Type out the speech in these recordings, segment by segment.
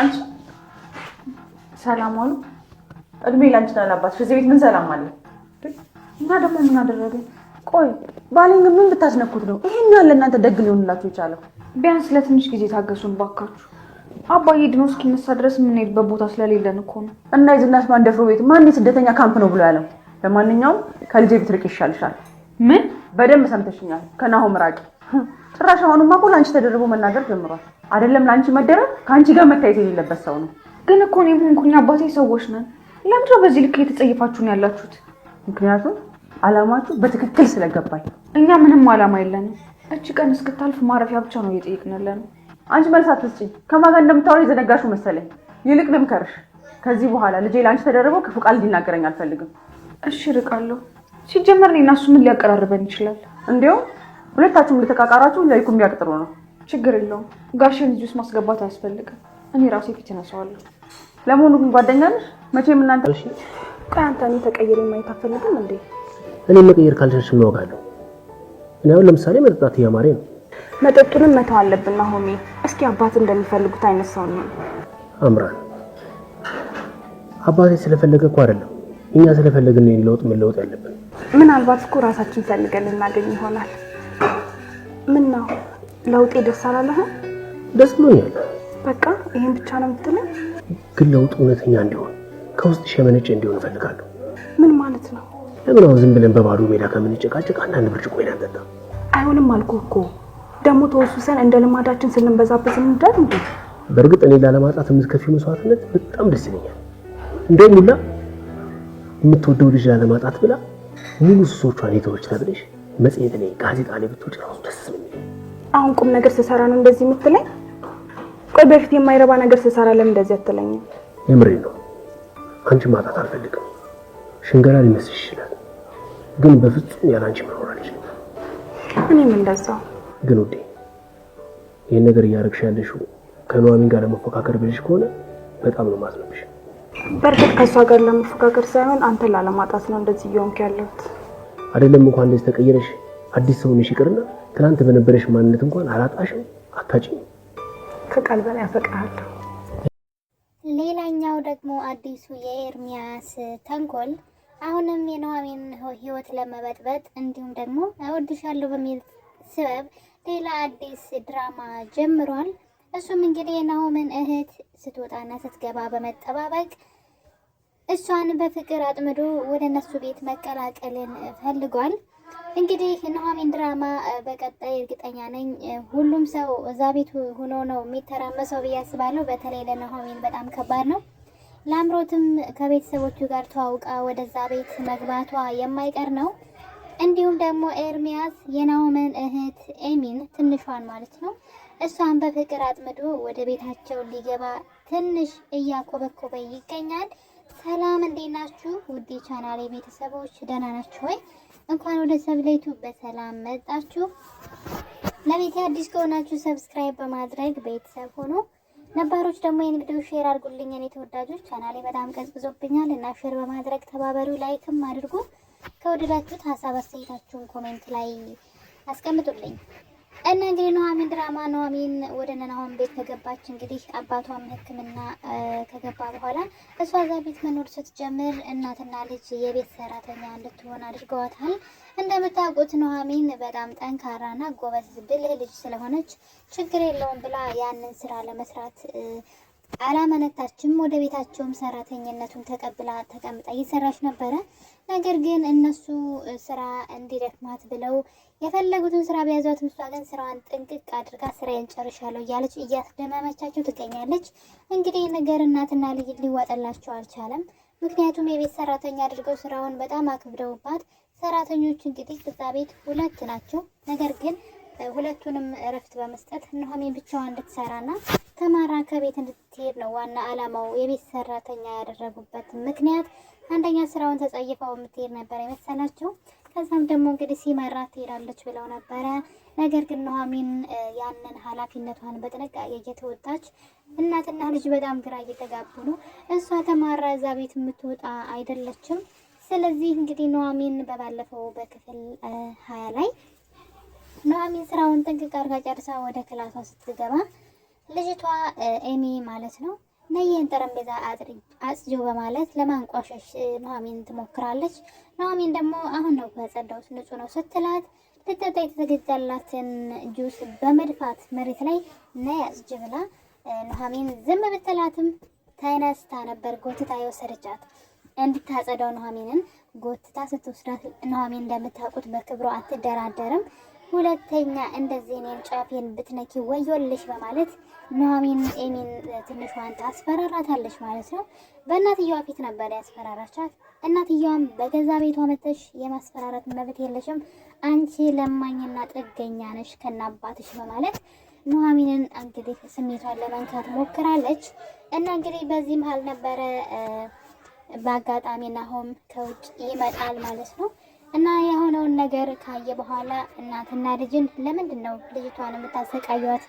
አንቺ ሰላም ዋሉ። እድሜ ላንቺና ላባትሽ። እዚህ ቤት ምን ሰላም አለ? እና ደግሞ ምን አደረገ? ቆይ ባሌን ግን ምን ብታስነኩት ነው ይሄን ያለ እናንተ ደግ ሊሆንላችሁ የቻለው? ቢያንስ ለትንሽ ጊዜ ታገሱን ባካችሁ። አባዬ ድኖ እስኪነሳ ድረስ የምንሄድበት ቦታ ስለሌለን እኮ ነው። እና የዝናሽ ማን ደፍሮ ቤት ማን የስደተኛ ካምፕ ነው ብሎ ያለው? ለማንኛውም ከልጄ ብትርቅ ይሻልሻል። ምን? በደንብ ሰምተሽኛል። ከናሆም ራቂ። ጭራሽ አሁንማ እኮ ለአንቺ ተደርቦ መናገር ጀምሯል። አይደለም ለአንቺ መደረብ ከአንቺ ጋር መታየት የሌለበት ሰው ነው። ግን እኮ እኔም ሆንኩኝ አባቴ ሰዎች ነን። ለምንድን ነው በዚህ ልክ እየተጸየፋችሁ ነው ያላችሁት? ምክንያቱም አላማችሁ በትክክል ስለገባኝ። እኛ ምንም አላማ የለንም። እች ቀን እስክታልፍ ማረፊያ ብቻ ነው እየጠየቅን ያለነው። አንቺ መልስ አትስጪ። ከማን ጋር እንደምታወሪ የዘነጋሹ መሰለኝ። ይልቅ ልምከርሽ፣ ከዚህ በኋላ ልጄ ለአንቺ ተደርቦ ክፉ ቃል እንዲናገረኝ አልፈልግም። እሺ፣ እርቃለሁ። ሲጀመር እኔና እሱ ምን ሊያቀራርበን ይችላል? እንዲያውም ሁለታችሁም ልተቃቃራችሁ ለይኩ የሚያቅጥሩ ነው። ችግር የለውም። ጋሽን ልጅ ውስጥ ማስገባት አያስፈልግም። እኔ ራሴ ፊት እነሳዋለሁ። ለመሆኑ ግን ጓደኛ መቼ መቼም እናንተ ቆይ፣ አንተ እኔ ተቀይሬ ማየት አትፈልግም እንዴ? እኔ መቀየር ካልቻልሽ እንወጋለሁ። እኔ አሁን ለምሳሌ መጠጣት እያማሬ ነው። መጠጡንም መተው አለብን ናሆሜ። እስኪ አባት እንደሚፈልጉት አይነት ሰው ነው። አምራን አባቴ ስለፈለገ እኮ አይደለም እኛ ስለፈለግን ለውጥ መለወጥ ያለብን። ምናልባት እኮ ራሳችን ፈልገን ልናገኝ ይሆናል። ምን ነው ለውጤ ደስ አላለህ? ደስ ብሎኛል። በቃ ይሄን ብቻ ነው የምትለው? ግን ለውጥ እውነተኛ እንዲሆን ከውስጥ የመነጨ እንዲሆን እፈልጋለሁ። ምን ማለት ነው? ለምን አሁን ዝም ብለን በባዶ ሜዳ ከምንጨቃጨቅ አንዳንድ ብርጭቆ ይላል ጠጣ። አይሆንም አልኩህ እኮ ደግሞ ተወሱሰን እንደ ልማዳችን ስንበዛበት እንዳል እንዴ። በእርግጥ እኔ ላለማጣት የምትከፊው መስዋዕትነት በጣም ደስ ይለኛል። እንደውም ሁላ የምትወደው ልጅ ላለማጣት ብላ ሙሉ ሱሶቿን የተወች ተብለሽ መጽሔት ላይ ጋዜጣ ላይ ብትወጪ ራሱ ደስ ነው አሁን ቁም ነገር ስሰራ ነው እንደዚህ የምትለኝ? ቆይ በፊት የማይረባ ነገር ስሰራ ለምን እንደዚህ አትለኝም? የምሬ ነው። አንቺ ማጣት አልፈልግም። ሽንገላ ሊመስል ይችላል፣ ግን በፍጹም ያለ አንቺ መኖር አልችልም። እኔም እንደዛው። ግን ውዴ ይህን ነገር እያደረግሽ ያለሽው ከኑሐሚን ጋር ለመፎካከር ብልሽ ከሆነ በጣም ነው ማዝነብሽ። በእርግጥ ከእሷ ጋር ለመፎካከር ሳይሆን አንተን ላለማጣት ነው እንደዚህ እየሆንክ ያለሁት። አይደለም እንኳን እንደዚህ ተቀየረሽ አዲስ ሰው ነሽ ይቅርና ትናንት በነበረሽ ማንነት እንኳን አላጣሽም፣ አታጭም። ከቃል በላይ አፈቅርሃለሁ። ሌላኛው ደግሞ አዲሱ የኤርሚያስ ተንኮል አሁንም የኑሐሚን ህይወት ለመበጥበጥ እንዲሁም ደግሞ እወድሻለሁ በሚል ስበብ ሌላ አዲስ ድራማ ጀምሯል። እሱም እንግዲህ የኑሐሚን እህት ስትወጣና ስትገባ በመጠባበቅ እሷን በፍቅር አጥምዶ ወደ እነሱ ቤት መቀላቀልን ፈልጓል። እንግዲህ ኑሐሚን ድራማ በቀጣይ እርግጠኛ ነኝ ሁሉም ሰው እዛ ቤት ሆኖ ነው የሚተራመሰው ብዬ አስባለሁ። በተለይ ለኑሐሚን በጣም ከባድ ነው። ለአምሮትም ከቤተሰቦቹ ጋር ተዋውቃ ወደዛ ቤት መግባቷ የማይቀር ነው። እንዲሁም ደግሞ ኤርሚያስ የናውመን እህት ኤሚን ትንሿን ማለት ነው እሷን በፍቅር አጥምዶ ወደ ቤታቸው ሊገባ ትንሽ እያኮበኮበ ይገኛል። ሰላም እንዴት ናችሁ? ውዴ ቻናሌ ቤተሰቦች ደህና ናችሁ ወይ? እንኳን ወደ ሰብለይቱ በሰላም መጣችሁ። ለቤት አዲስ ከሆናችሁ ሰብስክራይብ በማድረግ ቤተሰብ ሆኖ ነባሮች ደግሞ ቪዲዮ ሼር አድርጉልኝ። እኔ ተወዳጆች ቻናሌ በጣም ቀዝቅዞብኛል እና ሼር በማድረግ ተባበሩ፣ ላይክም አድርጉ። ከወደዳችሁት ሀሳብ አስተያየታችሁን ኮሜንት ላይ አስቀምጡልኝ። እና እንግዲህ ኑሐሚን ድራማ ኑሐሚን ወደ ናሆም ቤት ከገባች እንግዲህ አባቷም ሕክምና ከገባ በኋላ እሷ እዛ ቤት መኖር ስትጀምር እናትና ልጅ የቤት ሰራተኛ እንድትሆን አድርገዋታል። እንደምታውቁት ኑሐሚን በጣም ጠንካራና ጎበዝ ብልህ ልጅ ስለሆነች ችግር የለውም ብላ ያንን ስራ ለመስራት አላመነታችም። ወደ ቤታቸውም ሰራተኝነቱን ተቀብላ ተቀምጣ እየሰራች ነበረ። ነገር ግን እነሱ ስራ እንዲደክማት ብለው የፈለጉትን ስራ ቢያዟት፣ እሷ ግን ስራዋን ጥንቅቅ አድርጋ ስራዬን ጨርሻለሁ እያለች እያስደመመቻቸው ትገኛለች። እንግዲህ ነገር እናትና ልጅ ሊዋጠላቸው አልቻለም። ምክንያቱም የቤት ሰራተኛ አድርገው ስራውን በጣም አክብደውባት፣ ሰራተኞች እንግዲህ እዛ ቤት ሁለት ናቸው። ነገር ግን ሁለቱንም እረፍት በመስጠት ኑሃሚን ብቻዋ እንድትሰራና ተማራ ከቤት እንድትሄድ ነው ዋና አላማው። የቤት ሰራተኛ ያደረጉበት ምክንያት አንደኛ ስራውን ተጸይፈው የምትሄድ ነበር የመሰላቸው። ከዛም ደግሞ እንግዲህ ሲመራ ትሄዳለች ብለው ነበረ። ነገር ግን ኑሃሚን ያንን ኃላፊነቷን በጥንቃቄ እየተወጣች እናትና ልጅ በጣም ግራ እየተጋቡ ነው። እሷ ተማራ እዛ ቤት የምትወጣ አይደለችም። ስለዚህ እንግዲህ ኑሃሚን በባለፈው በክፍል ሀያ ላይ ኑሃሚ ስራውን ጥንቅቅ አድርጋ ጨርሳ ወደ ክላሷ ስትገባ ልጅቷ ኤሚ ማለት ነው ነየን ጠረጴዛ አጥሪ አጽጆ በማለት ለማንቋሸሽ ኑሃሚን ትሞክራለች። ኑሃሚን ደግሞ አሁን ነው ከጸዳውስ ንጹህ ነው ስትላት ልጠጣ የተዘጋጀላትን ጁስ በመድፋት መሬት ላይ ነይ አጽጅ ብላ ኑሃሚን ዝም ብትላትም ተነስታ ነበር ጎትታ የወሰደቻት እንድታጸዳው ኑሃሚንን ጎትታ ስትወስዳት ኑሃሚን እንደምታውቁት በክብሮ አትደራደርም። ሁለተኛ እንደዚህ እኔን ጫፌን ብትነኪ ወዮልሽ በማለት ኑሐሚን ኤሚን ትንሿን ታስፈራራታለች ማለት ነው። በእናትየዋ ፊት ነበር ያስፈራራቻት። እናትየዋም በገዛ ቤቷ መተሽ የማስፈራራት መብት የለሽም፣ አንቺ ለማኝና ጥገኛ ነሽ ከናባትሽ በማለት ኑሐሚንን እንግዲህ ስሜቷን ለመንካት ሞክራለች። እና እንግዲህ በዚህ መሀል ነበረ በአጋጣሚ ናሆም ከውጭ ይመጣል ማለት ነው። እና የሆነውን ነገር ካየ በኋላ እናትና ልጅን ለምንድን ነው ልጅቷን የምታሰቃዩት?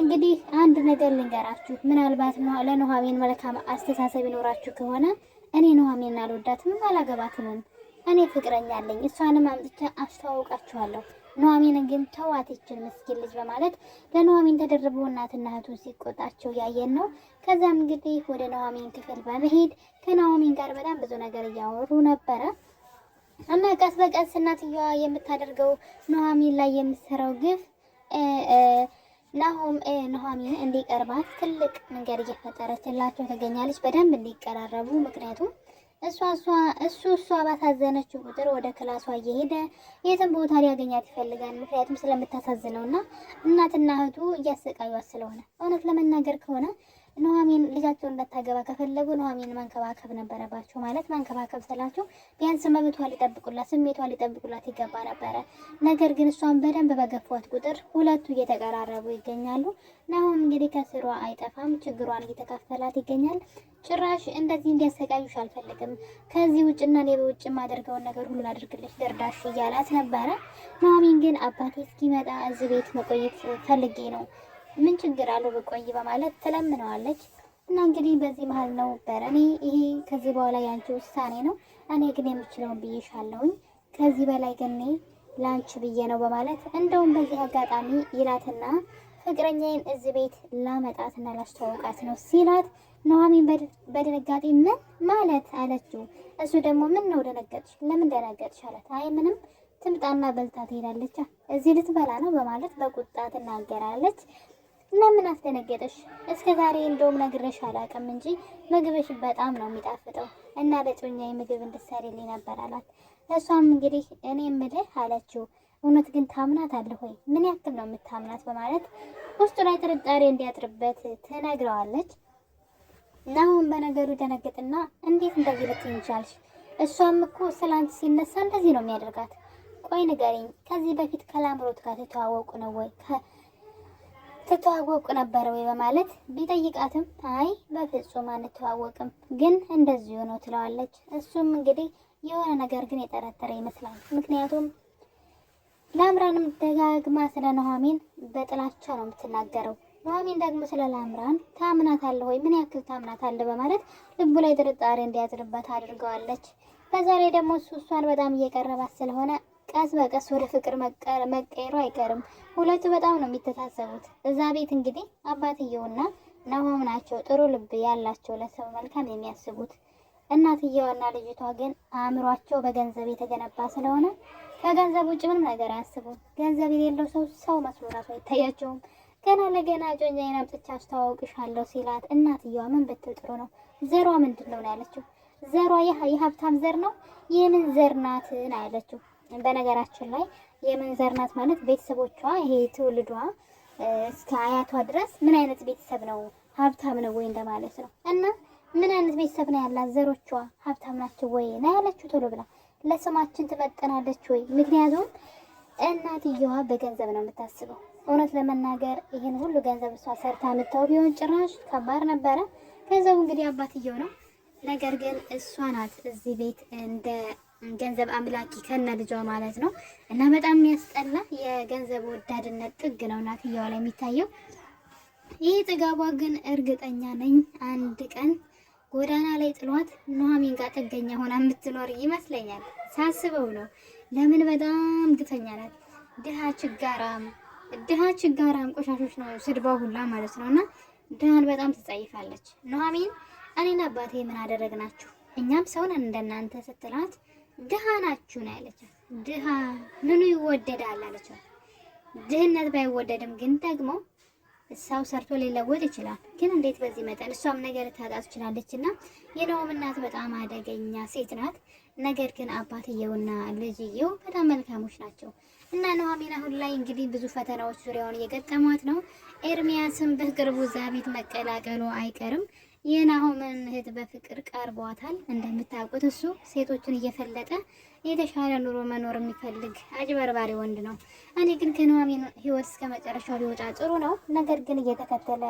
እንግዲህ አንድ ነገር ልንገራችሁ። ምናልባት ለኑሐሚን መልካም አስተሳሰብ ይኖራችሁ ከሆነ እኔ ኑሐሚንን አልወዳትም፣ አላገባትምም። እኔ ፍቅረኛ አለኝ፣ እሷንም አምጥቼ አስተዋውቃችኋለሁ ኑሐሚንን ግን ተዋት ምስኪን ልጅ በማለት ለኑሐሚን ተደርበው እናትና እህቱን ሲቆጣቸው ያየን ነው። ከዛም እንግዲህ ወደ ኑሐሚን ክፍል በመሄድ ከኑሐሚን ጋር በጣም ብዙ ነገር እያወሩ ነበረ። እና ቀስ በቀስ እናትየዋ የምታደርገው ኑሐሚን ላይ የምትሰራው ግፍ ናሆም ኑሐሚን እንዲቀርባት ትልቅ መንገድ እየፈጠረችላቸው ትገኛለች። በደንብ እንዲቀራረቡ ምክንያቱም እሷ እሷ እሱ እሷ ባሳዘነችው ቁጥር ወደ ክላሷ እየሄደ የትም ቦታ ሊያገኛት ይፈልጋል። ምክንያቱም ስለምታሳዝነውና እናትና እህቱ እያሰቃዩት ስለሆነ እውነት ለመናገር ከሆነ ኑሐሚን ልጃቸውን እንዳታገባ ከፈለጉ ኑሐሚንን መንከባከብ ነበረባቸው። ማለት መንከባከብ ስላቸው ቢያንስ መብቷ ሊጠብቁላት፣ ስሜቷ ሊጠብቁላት ይገባ ነበረ። ነገር ግን እሷን በደንብ በገፏት ቁጥር ሁለቱ እየተቀራረቡ ይገኛሉ። ናሁም እንግዲህ ከስሯ አይጠፋም፣ ችግሯን እየተካፈላት ይገኛል። ጭራሽ እንደዚህ እንዲያሰቃዩሽ አልፈልግም፣ ከዚህ ውጭና እኔ በውጭ የማደርገውን ነገር ሁሉ ላድርግልሽ ደርዳሽ እያላት ነበረ። ኑሐሚን ግን አባቴ እስኪመጣ እዚህ ቤት መቆየት ፈልጌ ነው ምን ችግር አለው ብቆይ በማለት ትለምነዋለች። እና እንግዲህ በዚህ መሀል ነው በረኔ ይሄ ከዚህ በኋላ ያንቺ ውሳኔ ነው። እኔ ግን የምችለውን ብዬሻለሁኝ። ከዚህ በላይ ግን ላንቺ ብዬ ነው በማለት እንደውም በዚህ አጋጣሚ ይላትና ፍቅረኛዬን እዚህ ቤት ላመጣትና ላስተዋውቃት ነው ሲላት ኑሐሚን በድንጋጤ ምን ማለት አለችው። እሱ ደግሞ ምን ነው ደነገጥሽ? ለምን ደነገጥሽ አላት። አይ ምንም ትምጣና በልታ ትሄዳለች፣ እዚህ ልትበላ ነው በማለት በቁጣ ትናገራለች። እና ምን አስደነገጠሽ? እስከ ዛሬ እንደውም ነግረሽ አላውቅም እንጂ ምግብሽ በጣም ነው የሚጣፍጠው እና ለጮኛ ምግብ እንድትሰሪልኝ ነበር አላት። እሷም እንግዲህ እኔ ምልህ አለችው፣ እውነት ግን ታምናት አለ ሆይ? ምን ያክል ነው የምታምናት? በማለት ውስጡ ላይ ጥርጣሬ እንዲያጥርበት ትነግረዋለች። ናሁን በነገሩ ደነግጥና እንዴት እንደዚህ ልትይኝ ቻልሽ? እሷም እኮ ስለ አንቺ ሲነሳ እንደዚህ ነው የሚያደርጋት። ቆይ ንገሪኝ፣ ከዚህ በፊት ከላምሮት ጋር ተተዋወቁ ነው ወይ? ትተዋወቁ ነበር ወይ በማለት ቢጠይቃትም አይ በፍጹም አንተዋወቅም፣ ግን እንደዚሁ ነው ትለዋለች። እሱም እንግዲህ የሆነ ነገር ግን የጠረጠረ ይመስላል። ምክንያቱም ላምራንም ደጋግማ ስለ ኑሐሚን በጥላቻ ነው የምትናገረው። ኑሐሚን ደግሞ ስለ ላምራን ታምናታለህ ወይ ምን ያክል ታምናታለህ በማለት ልቡ ላይ ጥርጣሬ እንዲያድርበት አድርገዋለች። በዛ ላይ ደግሞ እሱ እሷን በጣም እየቀረባት ስለሆነ ቀስ በቀስ ወደ ፍቅር መቀየሩ አይቀርም። ሁለቱ በጣም ነው የሚተሳሰቡት። እዛ ቤት እንግዲህ አባትየውና ናሆም ናቸው ጥሩ ልብ ያላቸው ለሰው መልካም የሚያስቡት። እናትየዋና ልጅቷ ግን አእምሯቸው በገንዘብ የተገነባ ስለሆነ ከገንዘብ ውጭ ምንም ነገር አያስቡም። ገንዘብ የሌለው ሰው ሰው መስሎ ራሱ አይታያቸውም። ገና ለገና ጮኛዬን አምጥቼ አስተዋውቅሻለሁ ሲላት እናትየዋ ምን ብትል ጥሩ ነው? ዘሯ ምንድን ነው ያለችው? ዘሯ የሀብታም ዘር ነው። የምን ዘር ናትን አያለችው በነገራችን ላይ የምንዘር ናት ማለት ቤተሰቦቿ ይሄ ትውልዷ እስከ አያቷ ድረስ ምን አይነት ቤተሰብ ነው? ሀብታም ነው ወይ እንደማለት ነው። እና ምን አይነት ቤተሰብ ነው ያላት? ዘሮቿ ሀብታም ናቸው ወይ ና ያለችው። ቶሎ ብላ ለስማችን ትመጠናለች ወይ? ምክንያቱም እናትየዋ በገንዘብ ነው የምታስበው። እውነት ለመናገር ይህን ሁሉ ገንዘብ እሷ ሰርታ የምታው ቢሆን ጭራሽ ከባድ ነበረ። ገንዘቡ እንግዲህ አባትየው ነው። ነገር ግን እሷ ናት እዚህ ቤት እንደ ገንዘብ አምላኪ ከነ ልጇ ማለት ነው። እና በጣም የሚያስጠላ የገንዘብ ወዳድነት ጥግ ነው እናትየዋ ላይ የሚታየው። ይህ ጥጋቧ ግን እርግጠኛ ነኝ አንድ ቀን ጎዳና ላይ ጥሏት ኑሐሚን ጋር ጥገኛ ሆና የምትኖር ይመስለኛል። ሳስበው ነው። ለምን በጣም ግፈኛ ናት። ድሃ ችጋራም ድሃ ችጋራም ቆሻሾች ነው ስድባ ሁላ ማለት ነው። እና ድሃን በጣም ትጸይፋለች ኑሐሚን። እኔና አባቴ ምን አደረግናችሁ? እኛም ሰውን እንደናንተ ስትላት ድሃ ናችሁ ነው ያለቻት። ድሃ ምኑ ይወደዳል አለቻት። ድህነት ባይወደድም ግን ደግሞ ሰው ሰርቶ ሊለወጥ ይችላል። ግን እንዴት በዚህ መጠን እሷም ነገር ታጣ ትችላለች። እና የነውም እናት በጣም አደገኛ ሴት ናት። ነገር ግን አባትየውና ልጅየው በጣም መልካሞች ናቸው። እና ኑሐሚን አሁን ላይ እንግዲህ ብዙ ፈተናዎች ዙሪያውን እየገጠሟት ነው። ኤርሚያስም በቅርቡ እዛ ቤት መቀላቀሉ አይቀርም። የናሆምን እህት በፍቅር ቀርቧታል። እንደምታውቁት እሱ ሴቶችን እየፈለጠ የተሻለ ኑሮ መኖር የሚፈልግ አጭበርባሪ ወንድ ነው። እኔ ግን ከኑሃሚ ህይወት እስከ መጨረሻው ሊወጣ ጥሩ ነው፣ ነገር ግን እየተከተለ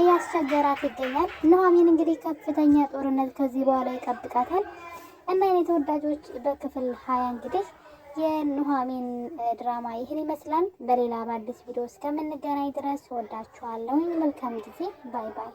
እያስቸገራት ይገኛል። ኑሃሚን እንግዲህ ከፍተኛ ጦርነት ከዚህ በኋላ ይጠብቃታል እና የኔ ተወዳጆች በክፍል ሀያ እንግዲህ የኑሃሚን ድራማ ይህን ይመስላል። በሌላ በአዲስ ቪዲዮ እስከምንገናኝ ድረስ ወዳችኋለሁ። መልካም ጊዜ። ባይ ባይ።